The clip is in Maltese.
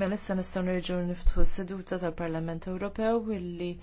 Mela issa nistgħu nerġgħu niftħu s-seduta tal-Parlament Ewropew illi